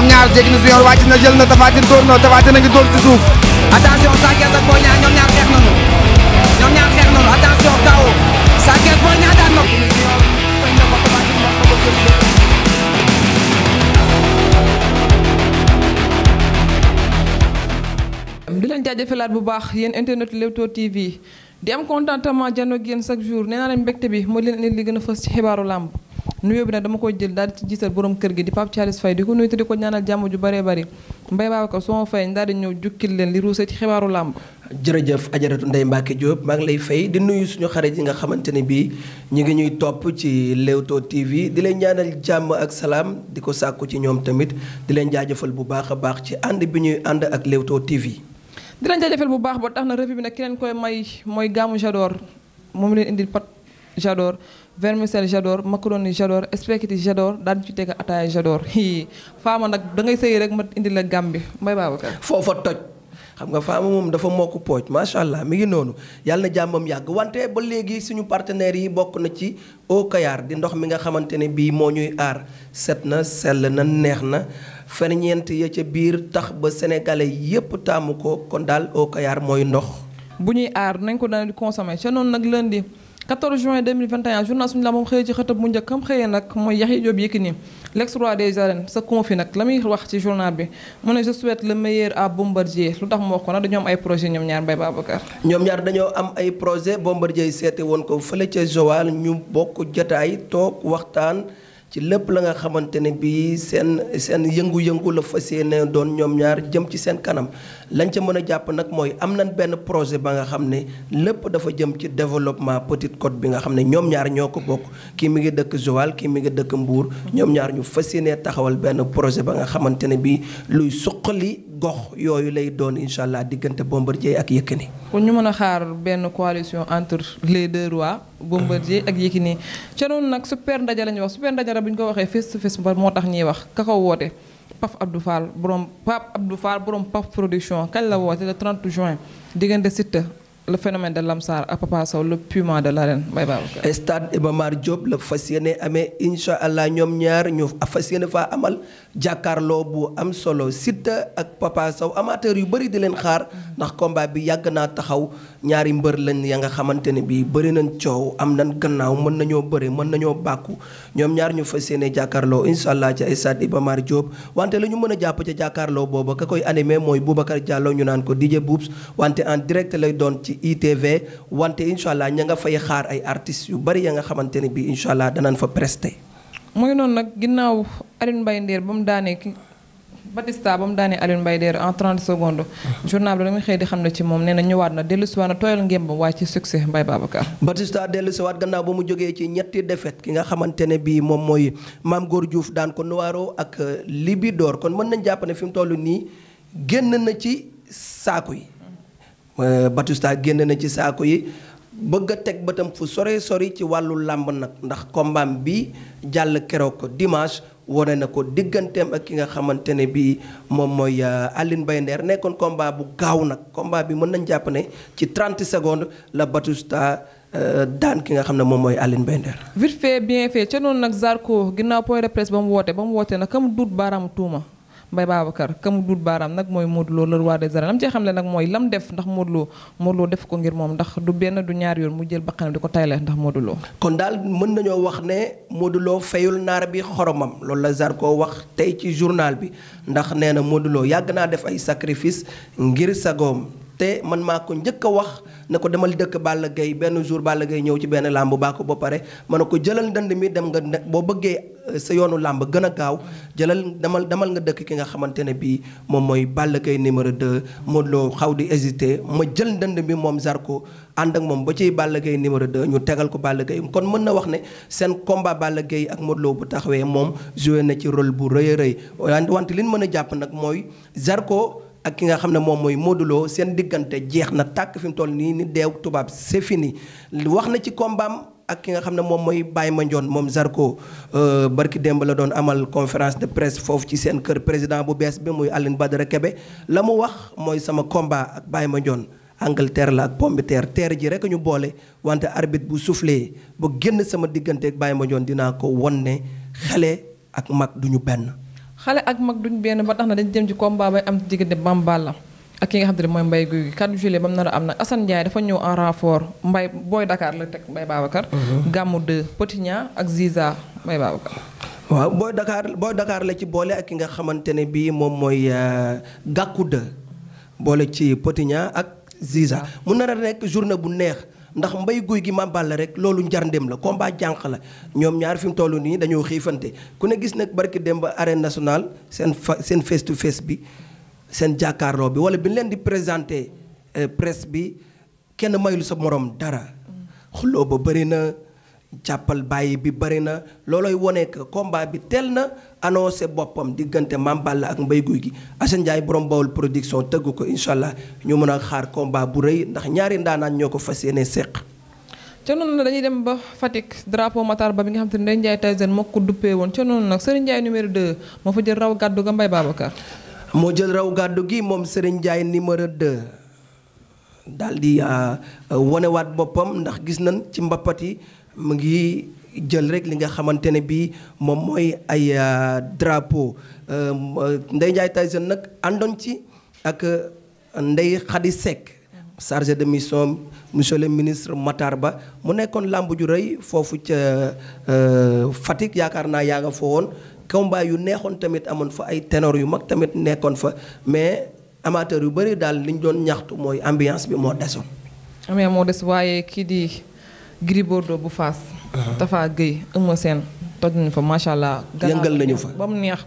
ñoom ñaar jéggi na na jël na a ngi dóor ci suuf bu baax yéen internet Leewtoo TV di am contentement jano ak chaque jour nee naa leen mbégte bi moo leen indi li gën a fës ci xibaaru làmb nuyoo bi nag dama koy jël daal ci jiital borom kër gi di Pape Thialis Faye di ko nuyu te di ko ñaanal jàmm ju bëree bëri Mbaye Babacar soo fay daal di ñëw jukkil leen li ruusee ci xibaaru làmb jërëjëf ajaratu Ndeye Mbacke Diop maa ngi lay fay di nuyu suñu xarit yi nga xamante ne bii ñu ngi ñuy topp ci Leewtoo TV di leen ñaanal jàmm ak salaam di ko sàkku ci ñoom tamit di leen jaajëfal bu baax a baax ci ànd bi ñuy ànd ak Leewtoo TV. di leen jaajëfal bu baax ba tax na revue bi nag ki leen koy may mooy gàmmu Jador moom leen indil pat Jador vermicelle j'adore macaroni j'adore spaghetti j'adore daan ci teg ataaya j'adore hi faama nag da ngay sëy rek ma indi la gàm bi mbay Babacar foofa toj xam nga faama moom dafa mokk pooj macha allah mi ngi noonu yàlla na jàmmam yàgg wante ba léegi suñu partenaires yi bokk na ci Eau Kayar di ndox mi nga xamante ne bii moo ñuy aar set na sel na neex na ferñeent ya ca biir tax ba sénégalais yépp taamu ko kon daal Eau mooy ndox bu ñuy aar nañ ko daan di consommer 14 juin 2021 journal suñu la moom xëyee ci xëtëb mu njëkkam xëyee nag mooy Yaxya Joob Yékini l'ex roi des arènes sa fi nag la muy wax ci journal bi mu ne je souhaite le meilleur à Bombardier lu tax mu wax ko nag dañoo am ay projet ñoom ñaar Mbaye Babacar ñoom ñaar dañoo am ay projet Bombardier seete woon ko fële ca Joal ñu bokk jotaay toog waxtaan ci lépp la nga xamante ne bii seen seen yëngu-yëngu la fas yéene doon ñoom ñaar jëm ci seen kanam lañ ca mën a jàpp nag mooy am nañ benn projet ba nga xam ne lépp dafa jëm ci développement Petite code bi nga xam ne ñoom ñaar ñoo ko bokk kii mi ngi dëkk Joal kii mi ngi dëkk Mbour ñoom ñaar ñu fas yéenee taxawal benn projet ba nga xamante ne bii luy suqali gox yooyu lay doon incha allah diggante Bombardier ak ni kon ñu mën a xaar benn coalition entre les deux rois. Bombardier ak Yékini ca noonu nag super ndaje la ñuy wax super ndaje la bu ñu ko waxee face to face moo tax ñuy wax ka ko woote. Paf Abdou Fall borom Pape Abdou Fall borom Paf production kañ la woote le trente juin diggante Siteu le phénomène de Lamsar ak Papa Sow le puma de l'arène Mbaye Babacar. stade Iba Mar Diop la fas yéene amee incha allah ñoom ñaar ñu fas yéene faa amal jàkkaarloo bu am solo Siteu ak Papa Sow amateur yu bëri di leen xaar ndax combat bi yàgg naa taxaw. ñaari mbër lañ ya nga xamante ne bii bëri nañ coow am nañ gannaaw mën nañoo bëre mën nañoo bàkku ñoom ñaar ñu fa yéene jàkkaarloo incha allah ca stade Iba Mar Diop wante la ñu mën a jàpp ca jàkkaarloo booba ka koy animé mooy Boubacar jàlloo ñu naan ko DJ Boubs wante en direct lay doon ci ITV wante incha allah ña nga fay xaar ay artistes yu bëri ya nga xamante ne bii incha allah danañ fa prester. mooy noonu nag ginnaaw Alioune Mbaye Nder ba mu daanee ki Batista ba mu daanee Alioune Mbaye Deer en trent secondes. journal bi da nga xëy di xam ne ci moom nee na ñëwaat na dellusiwaat na tooyal ngémbam waaye ci succès Mbaye Babacar. Batista dellusiwaat gannaaw ba mu jógee ci ñetti defet ki nga xamante ne bii moom mooy maam góor Diouf daan ko Noiro ak euh, Libidor kon mën nañ jàpp ne fi mu toll nii génn na ci saako yi. Euh, Batista génn na ci saako yi. bëgg a teg bëtam fu sore sori ci wàllu làmb nag ndax kombaam bi jàll keroog dimanche wane na ko digganteem ak ki nga xamante ne bii moom mooy euh, Aline Mbaye Nder nekkoon combat bu gaaw nag combat bi mën nañ jàpp ne ci 30 secondes la Batousta euh, daan ki nga xam ne moom mooy Aline Mbaye Nder. vite fait bien fait ca noonu nag Zarko ginnaaw point de presse ba mu woote ba mu woote nag kam duut baaraamu tuuma. Mbaye Babacar ka mu dul baaraam nag mooy Modou Lo le roi des arènes lam ci xam ne nag mooy lam def ndax Modou Lo Modou def ko ngir moom ndax du benn du ñaar yoon mu jël bakkanam di ko tayle ndax Modou kon daal mën nañoo wax ne Modou Lo fayul naar bi xoromam loolu la koo wax tey ci journal bi ndax nee na Modou yàgg naa def ay sacrifice ngir sagoom te man maa ko njëkk a wax ne ko demal dëkk Balla Gaye benn jour Balla Gaye ñëw ci benn làmb baa ko ba pare ma ko jëlal ndënd mi dem nga boo bëggee euh, sa yoonu làmb gën a gaaw jëlal demal demal nga dëkk ki nga xamante ne bii moom mooy Balla Gaye numéro 2 Modou xaw di hésité ma jël ndënd mi moom Zarko ànd ak moom ba ci Balla Gaye numéro 2 ñu tegal ko Balla Gaye kon mën na wax ne seen combat Balla Gaye ak Modou Lo bu taxawee moom joué na ci role bu rëy a rëy mën a jàpp nag mooy Zarko ak ki nga xam ne moom mooy moduloo seen diggante jeex na tàkk fi mu toll nii ni deew tubaab c'est fini wax na ci kombaam ak ki nga xam ne moom mooy Baye Mandione moom Zarko euh, barki démb la doon amal conférence de presse foofu ci seen kër président bu bees bi muy Aline Badara Kebe la mu wax mooy sama combat ak Baye Mandione Angleterre la ak pombi terre terre ji rek ñu boole wante arbitre bu soufflé ba génn sama diggante ak Baye Mandione dinaa ko won ne xale ak mag duñu benn xale ak mag duñ benn ba tax na dañ dem ci combat bay am diggante Bamballa ak ki nga xam te ne mooy Mbaye Guy gi 4 juillet ba mu nar a am nag Assane Ndiaye dafa ñëw en renfort Mbaye booy Dakar la teg mbay Babacar. Mhm. Gàmmu 2 Petit Niang ak Ziza Mbaye Babacar. waaw booy dakaar booy dakaar la ci boole ak ki nga xamante ne bii moom mooy euh, Gàkku 2 boole ci Petit ak Ziza mu nar a nekk journée bu neex. ndax mbay guy gi Mame Balla rek loolu njarndem la combat jànq la ñoom ñaar fi mu toll nii dañoo xiifante ku ne gis nag barki dem ba arène nationale seen fa seen face to face bi seen jàkkaarloo bi wala bi leen di présenté euh, presse bi kenn mayul sa morom dara mm. xuloo ba bëri na. jàppal bàyyi bi bëri na loolooy wone komba bi teel na annoncé boppam diggante Mame Balla ak Mbaye Gouye Gui Assane Ndiaye borom Bawol production tëgg ko incha allah ñu mën a xaar komba bu rëy ndax ñaari ndaanaan ñoo ko fas yéene seq. ca noonu nag dañuy dem ba Fatick drapeau Matar Ba bi nga xam te ne Ndeye Ndiaye Tyson moo ko duppee woon ca noonu nag Serigne Ndiaye numéro 2 moo fa jël raw gàddu ga Mbaye Babacar. moo jël raw gàddu gi moom Serigne Ndiaye numéro 2 euh, wonewaat boppam ndax gis nañ ci mbappat yi. mu ngi jël rek li nga xamante ne bii moom mooy ay euh, drapeau euh, Ndeye Ndiaye Tyson nag àndoon ci ak euh, Ndeye Khady Seck chargé de mission monsieur ministre Matar Ba mu nekkoon làmb ju rey foofu ca Fatick yaakaar naa yaa nga fa woon combat yu neexoon tamit amoon fa ay ténor yu mag tamit nekkoon fa mais amateur yu bëri daal liñ doon ñaxtu mooy ambiance bi moo desoon. amee moo des waaye kii di. Gris Bordeaux bu Fass. dafa Gueye Eumeu Sène toj nañu fa macha allah. yëngal nañu fa ba mu neex.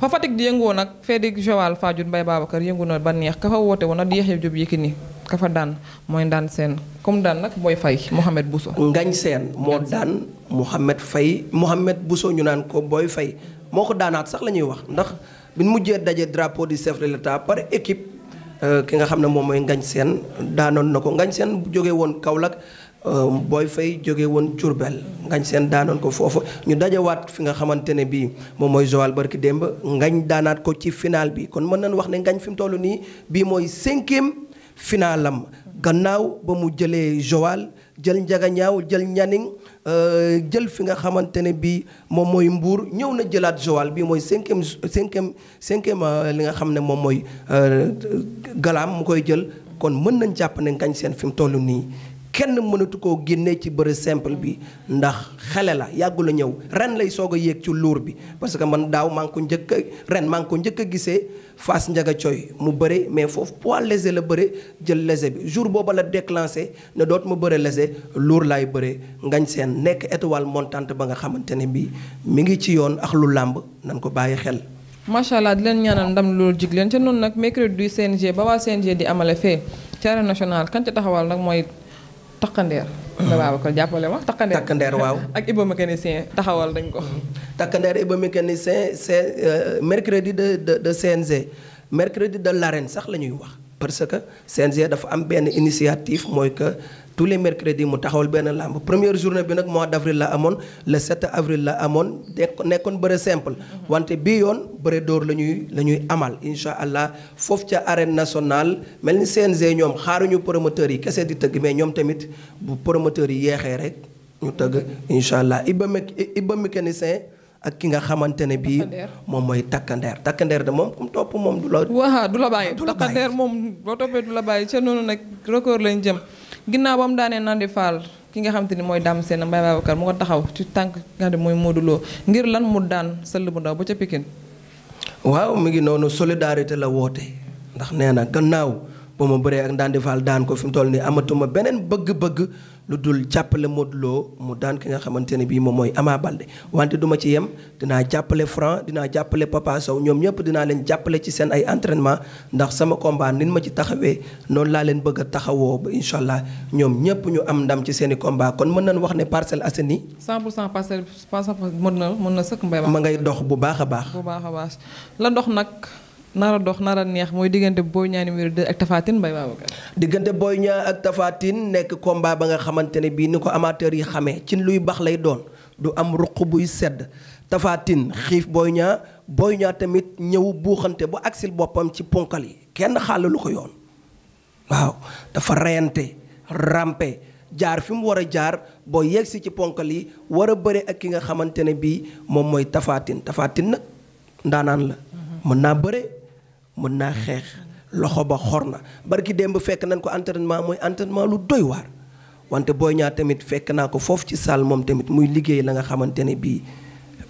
fa Fatick di yëngoo nag fee di Joal Fadiouth bay Babacar yëngu na ba neex ka fa woote woon nag di Yaxya Jóob ni ka fa daan mooy daan seen comme daan nag booy fay Mouhamed Bousso. Ngañ seen moo daan Mouhamed Faye Mouhamed Bousso ñu naan ko booy fay moo ko daanaat sax la ñuy wax ndax bi ñu mujjee daje drapeau di chef de l'État par équipe. Euh, ki nga xam ne moom mooy Ngañ seen daanoon na ko Ngañ seen bu jógee woon Kaolack. Euh, booy fay jóge woon Diourbel ngañ seen daanoon ko foofu ñu dajawaat fi nga xamante ne bii moom mooy Joal barki démb ngañ daanaat ko ci final bi kon mën nañ wax ne ngañ fi mu toll nii bii mooy cinquième finalam gannaaw ba mu jëlee Joal jël njagañaaw jël ñaning euh, jël fi nga xamante ne bii moom mooy mbuur ñëw na jëlaat Joal bii mooy cinquième cinquième cinquième euh, li nga xam ne moom mooy galaam mu koy jël kon mën nañ jàpp ne ngañ seen fi mu toll nii kenn mënatu koo génnee ci bëri simple bi ndax xale la yàggula ñëw ren lay soog a yéeg ci luur bi parce que man daaw maa ngi ko njëkk a ren maa ngi ko njëkk a gisee fas Ndiaga Coy mu bëre mais foofu poids léger la bëre jël léger bi jour booba la déclenché ne dootuma bëre léger luur laay bëre ngañ seen nekk étoile montante ba nga xamante ne bii mi ngi ci yoon ak lu làmb nan ko bàyyi xel. macha allah di leen ñaanal ndam loolu jig leen te noonu nag mercredi du CNG ba waa CNG di amale fee ci arène nationale ca taxawal nag mooy. takkandeer la jàppale ma takkandeer takkandeer waaw ak Iba mécanicien taxawal dañ ko takkandeer Iba mécanicien c'est euh, mercredi de de de CNG mercredi de l'arène sax la ñuy wax parce que CNG dafa am benn initiative mooy que tous les mercredis mu taxawul benn làmb première journée bi nag mois d' avril la amoon le 7 avril la amoon nekkoon bëre simple. Mhm. wante bii yoon bëre door la ñuy la ñuy amal incha allah foofu ca arène nationale mel ni CNG ñoom xaaruñu promoteurs yi kese di tëgg mais ñoom tamit bu promoteurs yi yeexee rek ñu tëgg incha allah Iba me Iba mécanicien. ak ki nga xamante ne bii moom mooy takkandeer takkandeer de moom kum topp moom du la. waaw du la bàyyi ginnaaw ba mu daanee Nandi Fall ki nga xam te ni mooy Dame Sène Mbaye kar mu ko taxaw ci tànk nga xam te mooy Modou ngir lan mu daan sëll bu ndaw ba ca pikin waaw mu ngi noonu solidarité la woote ndax nee na gannaaw ba ma bëree ak Nandi Fall daan ko fi mu toll nii amatuma beneen bëgg-bëgg lu dul jàppale Modou Lo mu daan ki nga xamante ne bii moom mooy Ama Baldé wante duma ci yem dinaa jàppale Franc dinaa jàppale Papa ñoom ñëpp dinaa leen jàppale ci seen ay entrainement ndax sama combat nin ma ci taxawee noonu laa leen bëgg a taxawoo ba incha allah ñoom ñëpp ñu am ndam ci seen i combat kon mën nañ wax ne Parcelles Assainies. 100 pour cent parcelle mën na mën na sëkk mbay ma ngay dox bu baax a baax. bu baax a baax la dox nag. nara dox nara neex mooy diggante Boy Niang numéro 2 ak Tapha Tine Mbaye Babacar. diggante Boy ak Tapha nekk kombaa ba nga xamante ne bii ni ko amateur yi xamee ci luy bax lay doon du am ruq buy sedd tafaatin xiif Boy Niang Boy Niang tamit ñëw buuxante bu agsil boppam ci ponkal yi kenn xàllalu yoon waaw dafa reyante rampe jaar fi mu war a jaar boo yegsi ci ponkal yi war a bëre ak ki nga xamante ne bii moom mooy tafaatin tafaatin Tapha Tine nag ndaanaan la mën naa bëre mën naa xeex loxo ba xor na barki démb fekk nañ ko entraînement mooy entraînement lu doy waar wante booy ñaar tamit fekk naa ko foofu ci salle moom tamit muy liggéey la nga xamante ne bii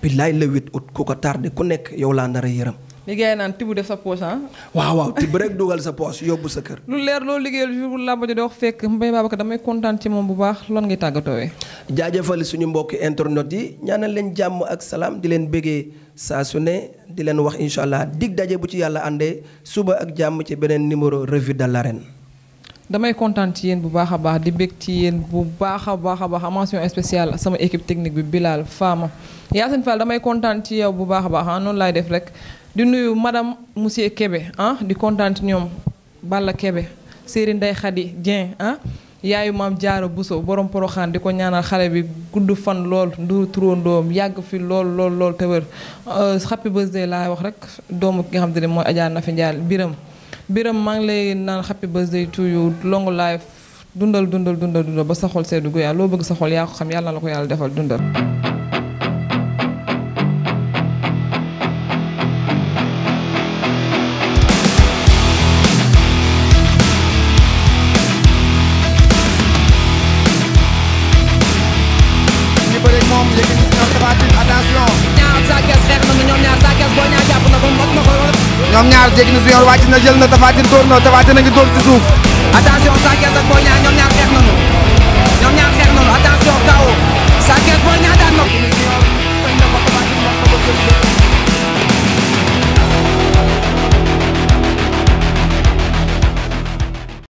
billaay le 8 août ku ko tardé ku nekk yow laa nar a yërëm liggéey gars yi naan tibb def sa poche ah. waaw waaw tibb rek dugal sa poche yóbbu sa kër. lu leer loo liggéeyal jour làmb ji wax fekk Mbaye Babacar damay kontaan ci moom bu baax lan ngay tàggatoo jaajëfal suñu mbokki internet yi ñaanal leen jàmm ak salaam di leen bëggee saa su ne di leen wax incha allah dig daje bu ci yàlla àndee suba ak jàmm ci beneen numéro revue de l'arène. damay kontaan ci yéen bu baax a baax di bég ci yéen bu baax a baax a baax mention spéciale sama équipe technique bi Bilal Fama Yacine Fall damay kontaan ci yow bu baax a baax ah noonu laay def rek. di nuyu madame monsieur Kébé ah di kontaan ci ñoom Balla Kébé Serigne Ndeye Khady Dieng ah yaayu maam Jaara Bousso borom poroxaan di ko ñaanal xale bi gudd fan lool ndu turandoom yàgg fi lool lool lool te wér euh, happy birthday laa wax rek doomu ki nga xam te ne mooy Adja Nafi Ndiaye biram biram maa ngi lay naan happy birthday to you long life dundal dundal dundal dundal ba sa xol seddu guyaa ah, loo bëgg sa xol yaa ko xam yàlla na la ko yàlla defal dundal ñoom ñaar jéggi na junior wàcc na jël na tafaatin dóor na tafaatin a ngi dóor ci suuf attention Sa Thiès ñoom ñaar xeex nañu ñoom ñaar xeex nañu attention kaw Sa Thiès Boy Niang